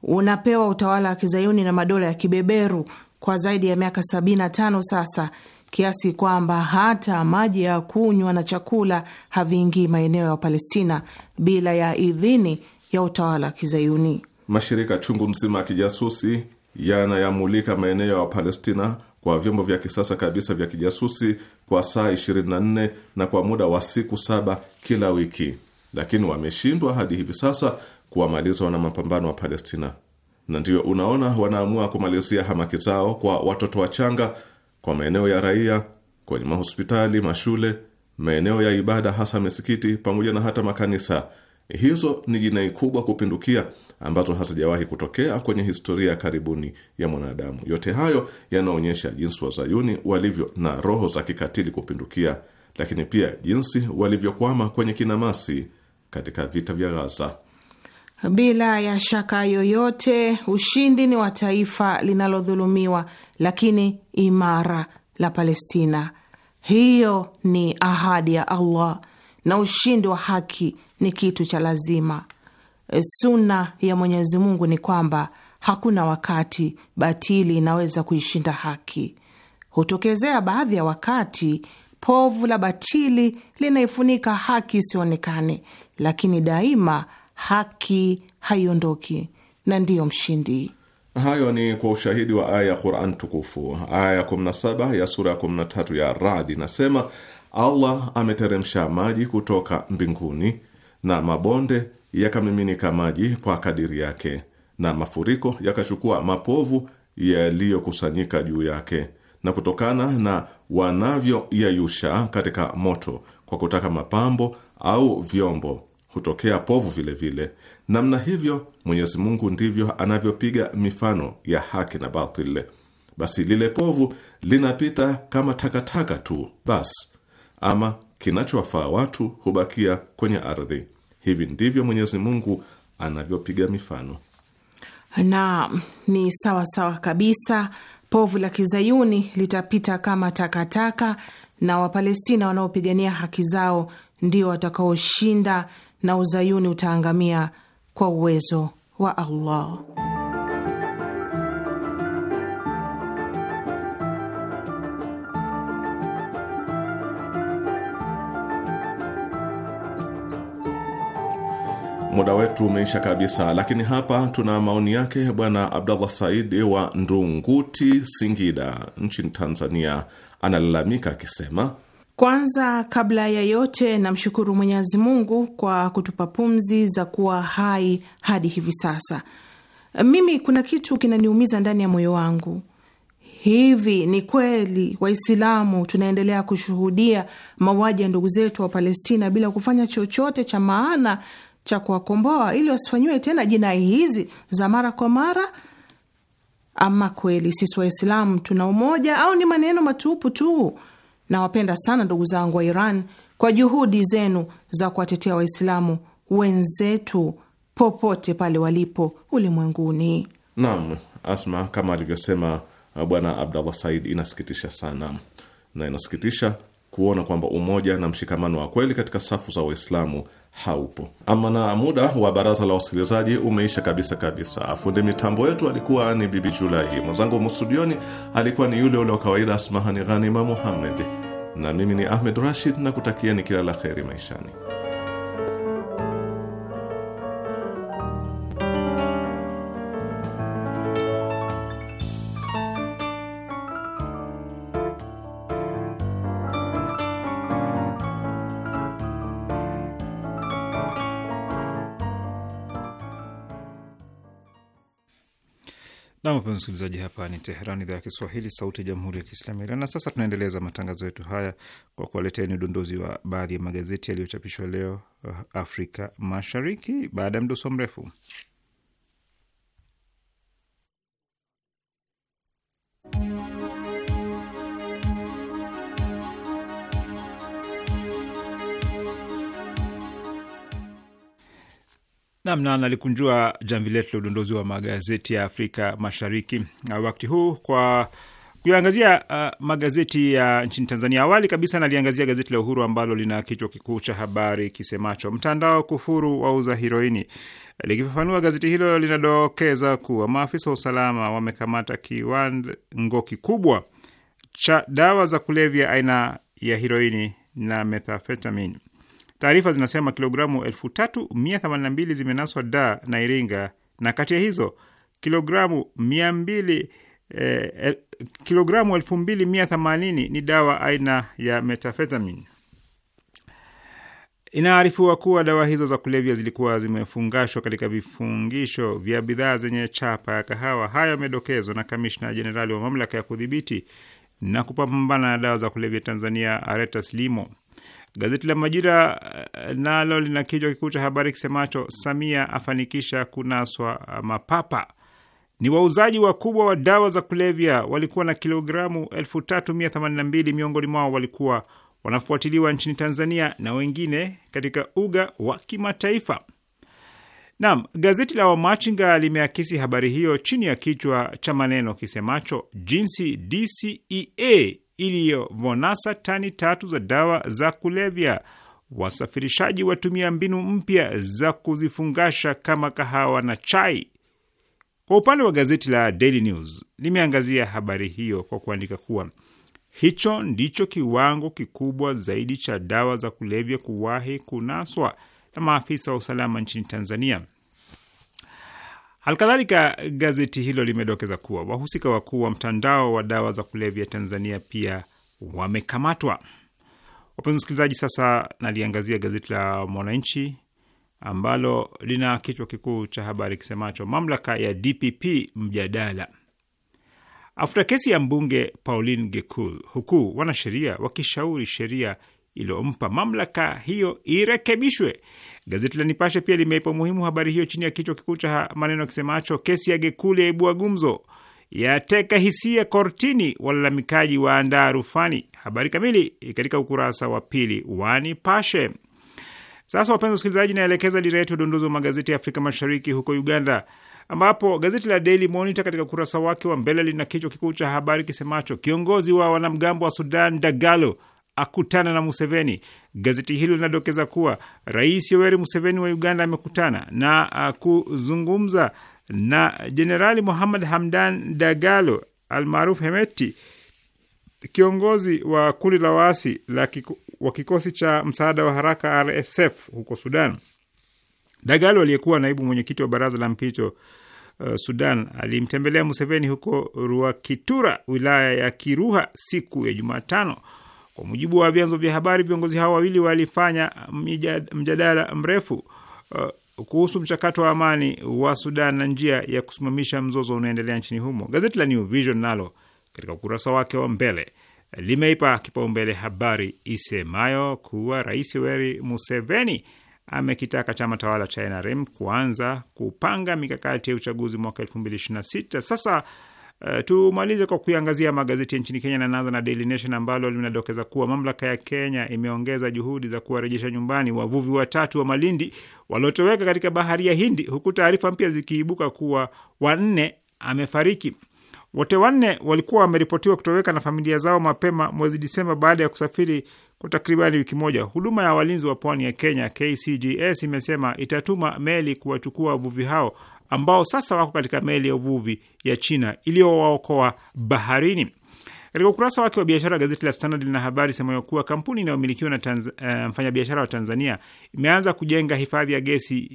S4: unapewa utawala wa kizayuni na madola ya kibeberu kwa zaidi ya miaka 75 sasa, kiasi kwamba hata maji ya kunywa na chakula haviingii maeneo ya Palestina bila ya idhini ya utawala wa kizayuni.
S2: Mashirika chungu mzima ya kijasusi yanayamulika maeneo ya Palestina kwa vyombo vya kisasa kabisa vya kijasusi kwa saa 24 na kwa muda wa siku saba kila wiki, lakini wameshindwa hadi hivi sasa kuwamaliza mapambano wa Palestina, na ndiyo unaona wanaamua kumalizia hamaki zao kwa watoto wachanga, kwa maeneo ya raia, kwenye mahospitali, mashule, maeneo ya ibada, hasa misikiti pamoja na hata makanisa Hizo ni jinai kubwa kupindukia ambazo hazijawahi kutokea kwenye historia ya karibuni ya mwanadamu. Yote hayo yanaonyesha jinsi wazayuni walivyo na roho za kikatili kupindukia, lakini pia jinsi walivyokwama kwenye kinamasi katika vita vya Gaza.
S4: Bila ya shaka yoyote, ushindi ni wa taifa linalodhulumiwa lakini imara la Palestina. Hiyo ni ahadi ya Allah na ushindi wa haki ni kitu cha lazima. Eh, Suna ya Mwenyezi Mungu ni kwamba hakuna wakati batili inaweza kuishinda haki. Hutokezea baadhi ya wakati povu la batili linaifunika haki isionekane, lakini daima haki haiondoki na ndiyo mshindi.
S2: Hayo ni kwa ushahidi wa aya ya Quran tukufu. Aya ya 17 ya sura ya 13 ya Radi inasema Allah ameteremsha maji kutoka mbinguni na mabonde yakamiminika maji kwa kadiri yake, na mafuriko yakachukua mapovu yaliyokusanyika juu yake, na kutokana na wanavyoyayusha katika moto kwa kutaka mapambo au vyombo hutokea povu vile vile. Namna hivyo Mwenyezi Mungu ndivyo anavyopiga mifano ya haki na batili. Basi lile povu linapita kama takataka tu basi ama kinachowafaa watu hubakia kwenye ardhi. Hivi ndivyo Mwenyezi Mungu anavyopiga mifano.
S4: Na ni sawa sawa kabisa, povu la kizayuni litapita kama takataka, na Wapalestina wanaopigania haki zao ndio watakaoshinda, na uzayuni utaangamia kwa uwezo wa Allah.
S2: muda wetu umeisha kabisa, lakini hapa tuna maoni yake Bwana Abdallah Saidi wa Ndunguti, Singida, nchini Tanzania. Analalamika akisema
S4: kwanza kabla ya yote namshukuru Mwenyezi Mungu kwa kutupa pumzi za kuwa hai hadi hivi sasa. Mimi kuna kitu kinaniumiza ndani ya moyo wangu. Hivi ni kweli Waislamu tunaendelea kushuhudia mauaji ya ndugu zetu wa Palestina bila kufanya chochote cha maana cha kuwakomboa ili wasifanyiwe tena jinai hizi za mara kwa mara. Ama kweli sisi Waislamu tuna umoja au ni maneno matupu tu? Nawapenda sana ndugu zangu wa Iran kwa juhudi zenu za kuwatetea Waislamu wenzetu popote pale walipo ulimwenguni.
S2: Naam, Asma, kama alivyosema uh, Bwana Abdallah Said, inasikitisha sana na inasikitisha kuona kwamba umoja na mshikamano wa kweli katika safu za Waislamu haupo. Ama na muda wa baraza la wasikilizaji umeisha kabisa kabisa. Afundi mitambo yetu alikuwa ni Bibi Julai, mwenzangu mustudioni alikuwa ni yule ule wa kawaida Asmahani Ghanima Muhammed, na mimi ni Ahmed Rashid na kutakieni kila la kheri maishani.
S3: Namwapea msikilizaji, hapa ni Teheran, idhaa ya Kiswahili, sauti ya jamhuri ya kiislamu Iran. Na sasa tunaendeleza matangazo yetu haya kwa ni udondozi wa baadhi ya magazeti yaliyochapishwa leo uh, Afrika Mashariki baada ya mdoso mrefu namna nalikunjua jamvi letu la udondozi wa magazeti ya Afrika Mashariki wakati huu kwa kuyaangazia uh, magazeti ya nchini Tanzania. Awali kabisa naliangazia gazeti la Uhuru ambalo lina kichwa kikuu cha habari kisemacho mtandao kufuru wauza heroini. Likifafanua, gazeti hilo linadokeza kuwa maafisa wa usalama wamekamata kiwango kikubwa cha dawa za kulevya aina ya heroini na methamphetamine. Taarifa zinasema kilogramu 3182 zimenaswa da na Iringa, na kati ya hizo kilogramu 200 eh, kilogramu 2180 ni dawa aina ya metafetamin Inaarifiwa kuwa dawa hizo za kulevya zilikuwa zimefungashwa katika vifungisho vya bidhaa zenye chapa ya kahawa. Hayo yamedokezwa na kamishna jenerali wa mamlaka ya kudhibiti na kupambana na dawa za kulevya Tanzania, Aretas Limo. Gazeti la Majira eh, nalo lina kichwa kikuu cha habari kisemacho Samia afanikisha kunaswa eh, mapapa. Ni wauzaji wakubwa wa dawa za kulevya walikuwa na kilogramu 1382 miongoni mwao walikuwa wanafuatiliwa nchini Tanzania na wengine katika uga wa kimataifa. Naam, gazeti la Wamachinga limeakisi habari hiyo chini ya kichwa cha maneno kisemacho jinsi DCEA iliyovonasa tani tatu za dawa za kulevya. Wasafirishaji watumia mbinu mpya za kuzifungasha kama kahawa na chai. Kwa upande wa gazeti la Daily News limeangazia habari hiyo kwa kuandika kuwa hicho ndicho kiwango kikubwa zaidi cha dawa za kulevya kuwahi kunaswa na maafisa wa usalama nchini Tanzania. Alkadhalika, gazeti hilo limedokeza kuwa wahusika wakuu wa mtandao wa dawa za kulevya Tanzania pia wamekamatwa. Wapenzi msikilizaji, sasa naliangazia gazeti la Mwananchi ambalo lina kichwa kikuu cha habari kisemacho mamlaka ya DPP mjadala afuta kesi ya mbunge Pauline Gekul, huku wanasheria wakishauri sheria iliyompa mamlaka hiyo irekebishwe. Gazeti la Nipashe pia limeipa umuhimu habari hiyo chini ya kichwa kikuu cha maneno kisemacho kesi ya Gekuli yaibua gumzo, yateka hisia kortini, walalamikaji waandaa rufani. Habari kamili katika ukurasa wa pili wa Nipashe. Sasa wapenzi wasikilizaji, naelekeza dira yetu ya udondozi wa magazeti ya Afrika Mashariki huko Uganda, ambapo gazeti la Daily Monitor katika ukurasa wake wa mbele lina kichwa kikuu cha habari kisemacho kiongozi wa wanamgambo wa Sudan Dagalo akutana na Museveni. Gazeti hilo linadokeza kuwa Rais Yoweri Museveni wa Uganda amekutana na kuzungumza na Jenerali Muhammad Hamdan Dagalo almaruf Hemeti, kiongozi wa kundi la waasi wa kikosi cha msaada wa haraka RSF huko Sudan. Dagalo aliyekuwa naibu mwenyekiti wa baraza la mpito uh, Sudan alimtembelea Museveni huko Ruakitura, wilaya ya Kiruha siku ya Jumatano. Kwa mujibu wa vyanzo vya habari, viongozi hao wawili walifanya mjadala mrefu uh, kuhusu mchakato wa amani wa Sudan na njia ya kusimamisha mzozo unaendelea nchini humo. Gazeti la New Vision nalo katika ukurasa wake wa mbele limeipa kipaumbele habari isemayo kuwa Rais Yoweri Museveni amekitaka chama tawala cha NRM kuanza kupanga mikakati ya uchaguzi mwaka 2026. Sasa Uh, tumalize kwa kuiangazia magazeti ya nchini Kenya na naanza na Daily Nation ambalo linadokeza kuwa mamlaka ya Kenya imeongeza juhudi za kuwarejesha nyumbani wavuvi watatu wa Malindi waliotoweka katika bahari ya Hindi, huku taarifa mpya zikiibuka kuwa wanne amefariki. Wote wanne walikuwa wameripotiwa kutoweka na familia zao mapema mwezi Disemba baada ya kusafiri kwa takribani wiki moja. Huduma ya walinzi wa pwani ya Kenya KCGS imesema itatuma meli kuwachukua wavuvi hao ambao sasa wako katika meli ya uvuvi ya China iliyowaokoa baharini. Katika ukurasa wake wa biashara, gazeti la Standard lina habari semayo kuwa kampuni inayomilikiwa na uh, mfanyabiashara wa Tanzania imeanza kujenga hifadhi ya gesi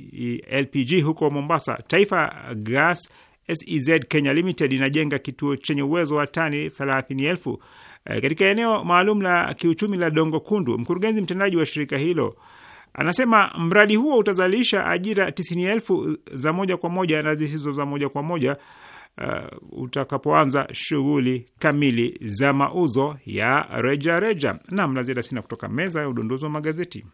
S3: eh, LPG huko Mombasa. Taifa Gas SEZ Kenya Limited inajenga kituo chenye uwezo wa tani 30,000 uh, eh, katika eneo maalum la kiuchumi la Dongo Kundu. Mkurugenzi mtendaji wa shirika hilo Anasema mradi huo utazalisha ajira tisini elfu za moja kwa moja na zisizo za moja kwa moja uh, utakapoanza shughuli kamili za mauzo ya rejareja. Naam, la ziada sina kutoka meza ya udunduzi wa magazeti.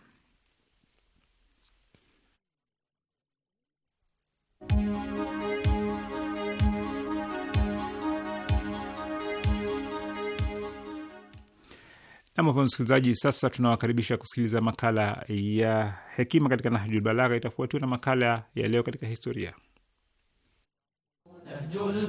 S3: Nam msikilizaji, sasa tunawakaribisha kusikiliza makala ya hekima katika Nahjul Balagha, itafuatiwa na makala ya leo katika historia.
S1: Nahjul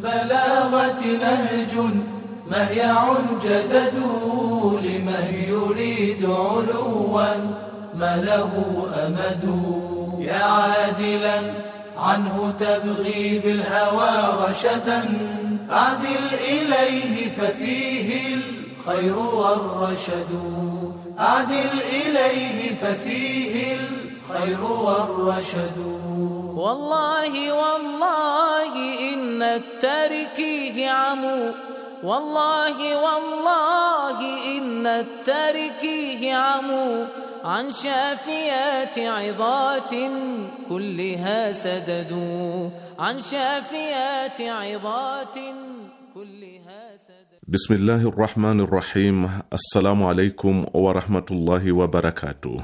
S1: خير والرشد أعدل إليه ففيه الخير والرشد والله والله إن التركيه عمو والله والله إن التركيه عمو عن شافيات عظات
S4: كلها
S1: سددوا عن شافيات عظات كلها
S2: Bismillahi rahmani rahim. Assalamu alaikum warahmatullahi wabarakatuh.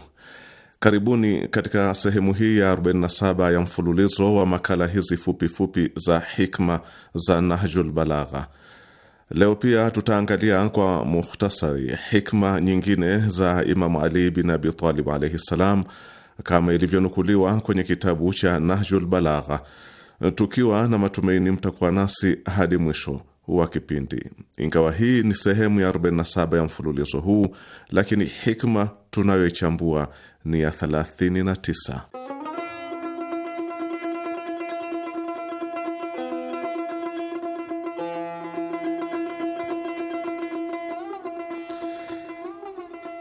S2: Karibuni katika sehemu hii ya 47 ya mfululizo wa makala hizi fupifupi fupi za hikma za Nahjul Balagha. Leo pia tutaangalia kwa mukhtasari hikma nyingine za Imamu Ali bin Abi Talib alaihi ssalam, kama ilivyonukuliwa kwenye kitabu cha Nahjul Balagha, tukiwa na matumaini mtakuwa nasi hadi mwisho wa kipindi. Ingawa hii ni sehemu ya 47 ya mfululizo huu, lakini hikma tunayoichambua ni ya 39.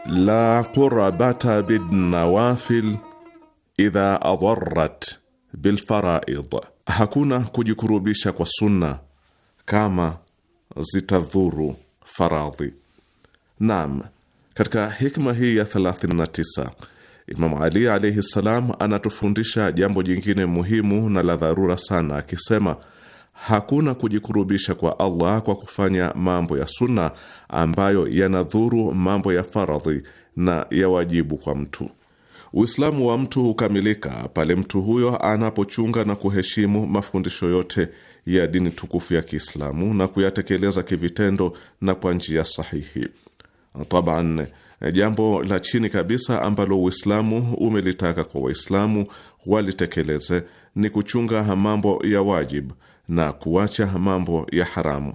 S2: La qurabata bidnawafil idha adharat bilfaraid, hakuna kujikurubisha kwa sunna kama zitadhuru faradhi. Naam, katika hikma hii ya 39 Imamu Ali alaihi ssalam anatufundisha jambo jingine muhimu na la dharura sana, akisema hakuna kujikurubisha kwa Allah kwa kufanya mambo ya sunna ambayo yanadhuru mambo ya faradhi na ya wajibu kwa mtu. Uislamu wa mtu hukamilika pale mtu huyo anapochunga na kuheshimu mafundisho yote ya dini tukufu ya Kiislamu na kuyatekeleza kivitendo na kwa njia sahihi. Taban, eh, jambo la chini kabisa ambalo Uislamu umelitaka kwa Waislamu walitekeleze ni kuchunga mambo ya wajib na kuacha mambo ya haramu.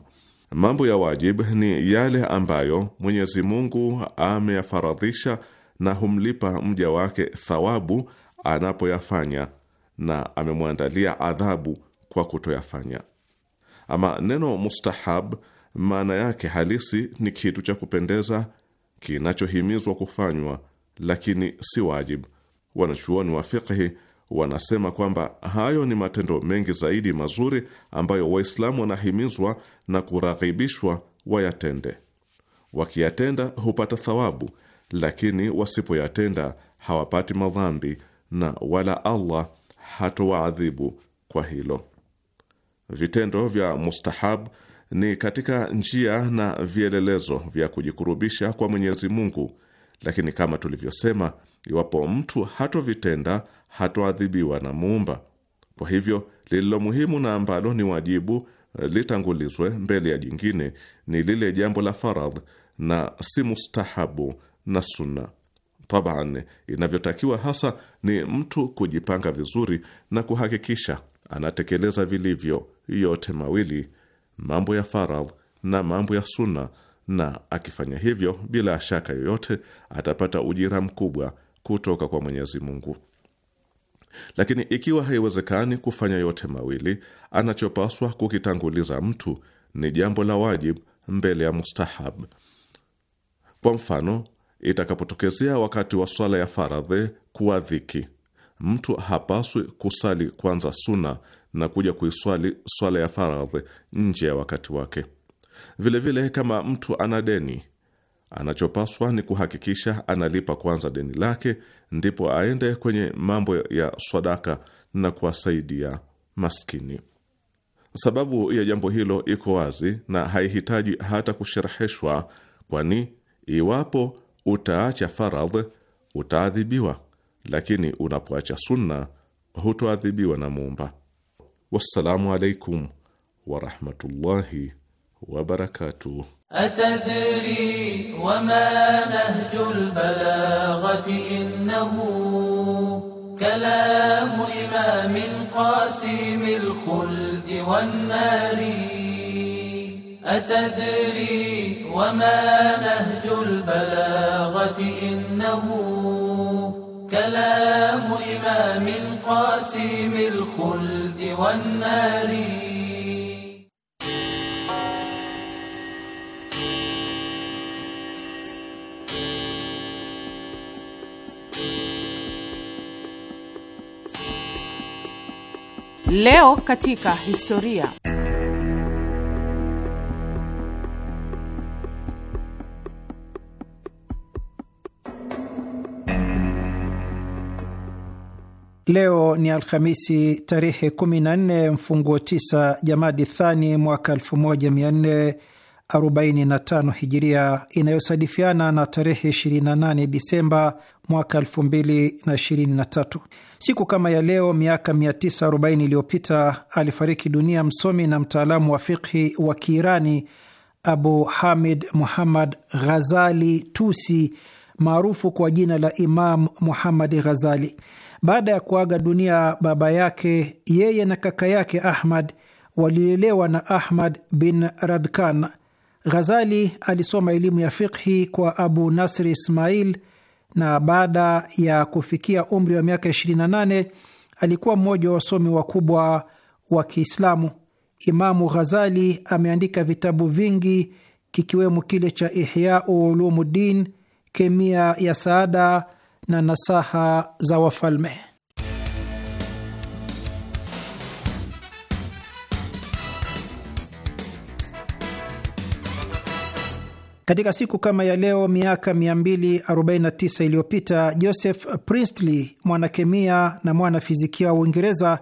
S2: Mambo ya wajib ni yale ambayo Mwenyezi Mungu ameyafaradhisha na humlipa mja wake thawabu anapoyafanya na amemwandalia adhabu kwa kutoyafanya. Ama neno mustahab maana yake halisi ni kitu cha kupendeza kinachohimizwa kufanywa, lakini si wajibu. Wanachuoni wa fiqhi wanasema kwamba hayo ni matendo mengi zaidi mazuri ambayo Waislamu wanahimizwa na kuraghibishwa wayatende. Wakiyatenda hupata thawabu, lakini wasipoyatenda hawapati madhambi na wala Allah hatowaadhibu kwa hilo. Vitendo vya mustahab ni katika njia na vielelezo vya kujikurubisha kwa Mwenyezi Mungu, lakini kama tulivyosema, iwapo mtu hatovitenda hatoadhibiwa na Muumba. Kwa hivyo lililo muhimu na ambalo ni wajibu eh, litangulizwe mbele ya jingine ni lile jambo la faradh na si mustahabu na sunna. Taban, inavyotakiwa hasa ni mtu kujipanga vizuri na kuhakikisha anatekeleza vilivyo yote mawili, mambo ya faradh na mambo ya sunna, na akifanya hivyo bila shaka yoyote atapata ujira mkubwa kutoka kwa Mwenyezi Mungu. Lakini ikiwa haiwezekani kufanya yote mawili, anachopaswa kukitanguliza mtu ni jambo la wajib mbele ya mustahab. Kwa mfano, itakapotokezea wakati wa swala ya faradhi kuwa dhiki, mtu hapaswi kusali kwanza suna na kuja kuiswali swala ya faradhi nje ya wakati wake. Vilevile vile, kama mtu ana deni, anachopaswa ni kuhakikisha analipa kwanza deni lake, ndipo aende kwenye mambo ya swadaka na kuwasaidia maskini. Sababu ya jambo hilo iko wazi na haihitaji hata kushereheshwa, kwani iwapo utaacha faradh utaadhibiwa, lakini unapoacha sunna hutoadhibiwa na Muumba. wassalamu alaikum warahmatullahi wabarakatuh.
S1: Atadri wama nahjul balaghati innahu kalamu imamin qasimil khuldi wan nari Atadri wama nahjul balaghati innahu kalamu imamin مقاسم الخلد والنار
S4: Leo katika historia.
S5: Leo ni Alhamisi tarehe 14 mfunguo 9 Jamadi Thani mwaka 1445 Hijiria, inayosadifiana na tarehe 28 Disemba mwaka 2023. Siku kama ya leo miaka 940 iliyopita alifariki dunia msomi na mtaalamu wa fikhi wa Kiirani Abu Hamid Muhammad Ghazali Tusi, maarufu kwa jina la Imam Muhammad Ghazali. Baada ya kuaga dunia baba yake, yeye na kaka yake Ahmad walilelewa na Ahmad bin Radkan. Ghazali alisoma elimu ya fiqhi kwa Abu Nasri Ismail, na baada ya kufikia umri wa miaka 28 alikuwa mmoja wa wasomi wakubwa wa Kiislamu. Imamu Ghazali ameandika vitabu vingi kikiwemo kile cha Ihya Ulumuddin, Kemia ya Saada na nasaha za wafalme. Katika siku kama ya leo miaka 249 iliyopita Joseph Priestley, mwanakemia na mwanafizikia wa Uingereza,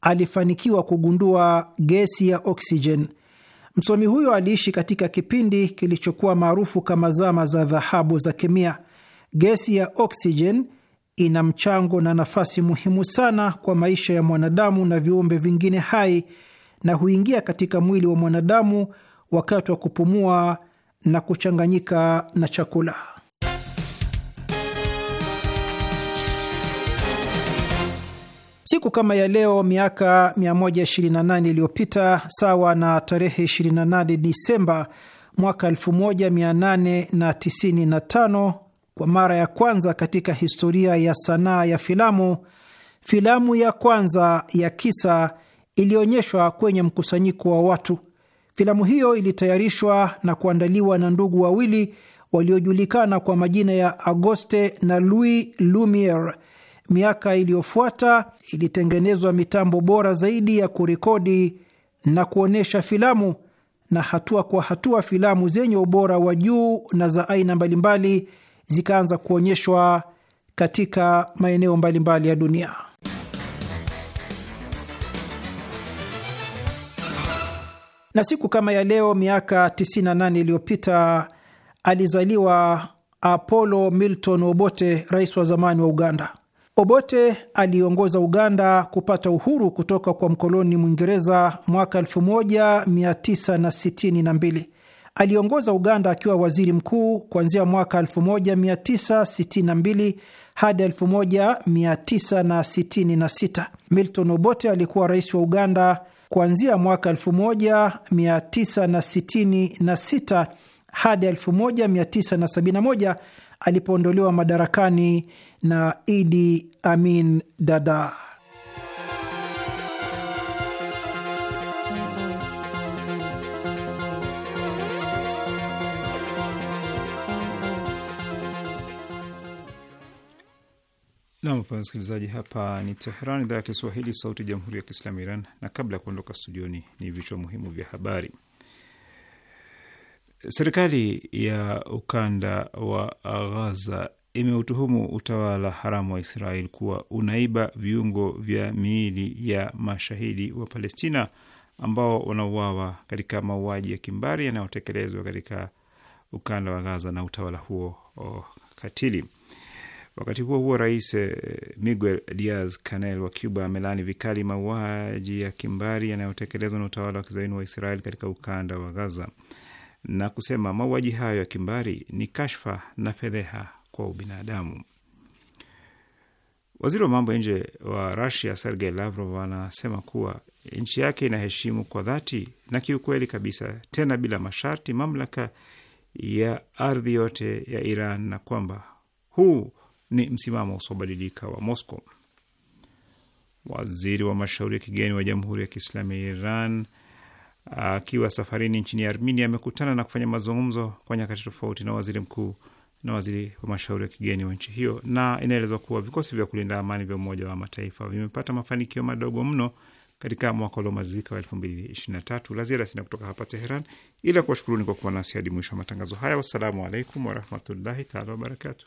S5: alifanikiwa kugundua gesi ya oksijen Msomi huyo aliishi katika kipindi kilichokuwa maarufu kama zama za dhahabu za kemia. Gesi ya oksijen ina mchango na nafasi muhimu sana kwa maisha ya mwanadamu na viumbe vingine hai na huingia katika mwili wa mwanadamu wakati wa kupumua na kuchanganyika na chakula. Siku kama ya leo miaka 128 iliyopita, sawa na tarehe 28 Disemba mwaka 1895 kwa mara ya kwanza katika historia ya sanaa ya filamu, filamu ya kwanza ya kisa ilionyeshwa kwenye mkusanyiko wa watu. Filamu hiyo ilitayarishwa na kuandaliwa na ndugu wawili waliojulikana kwa majina ya Auguste na Louis Lumiere. Miaka iliyofuata ilitengenezwa mitambo bora zaidi ya kurekodi na kuonyesha filamu, na hatua kwa hatua filamu zenye ubora wa juu na za aina mbalimbali zikaanza kuonyeshwa katika maeneo mbalimbali ya dunia. Na siku kama ya leo miaka 98 iliyopita alizaliwa Apollo Milton Obote, rais wa zamani wa Uganda. Obote aliongoza Uganda kupata uhuru kutoka kwa mkoloni Mwingereza mwaka 1962. Aliongoza Uganda akiwa waziri mkuu kuanzia mwaka 1962 hadi 1966. Milton Obote alikuwa rais wa Uganda kuanzia mwaka 1966 hadi 1971 alipoondolewa madarakani na Idi Amin Dada.
S3: Nampa msikilizaji, hapa ni Tehran, idhaa ya Kiswahili, sauti ya jamhuri ya kiislamu Iran. Na kabla ya kuondoka studioni, ni vichwa muhimu vya habari. Serikali ya ukanda wa Ghaza imeutuhumu utawala haramu wa Israel kuwa unaiba viungo vya miili ya mashahidi wa Palestina ambao wanauawa katika mauaji ya kimbari yanayotekelezwa katika ukanda wa Gaza na utawala huo oh, katili. Wakati huo huo, rais eh, Miguel Diaz Canel wa Cuba amelaani vikali mauaji ya kimbari yanayotekelezwa na utawala wa kizaini wa Israel katika ukanda wa Gaza na kusema mauaji hayo ya kimbari ni kashfa na fedheha kwa ubinadamu. Waziri wa mambo ya nje wa Rusia Sergei Lavrov anasema kuwa nchi yake inaheshimu kwa dhati na kiukweli kabisa, tena bila masharti, mamlaka ya ardhi yote ya Iran na kwamba huu ni msimamo usiobadilika wa Moscow. Waziri wa mashauri ya kigeni wa Jamhuri ya Kiislamu ya Iran akiwa safarini nchini Armenia amekutana na kufanya mazungumzo kwa nyakati tofauti na waziri mkuu na waziri wa mashauri ya kigeni wa nchi hiyo, na inaelezwa kuwa vikosi vya kulinda amani vya Umoja wa Mataifa vimepata mafanikio madogo mno katika mwaka uliomalizika wa elfu mbili ishirini na tatu. La ziada sina kutoka hapa Teheran, ila kuwashukuruni kwa kuwa nasi hadi mwisho wa matangazo haya. Wassalamu alaikum warahmatullahi taala wabarakatu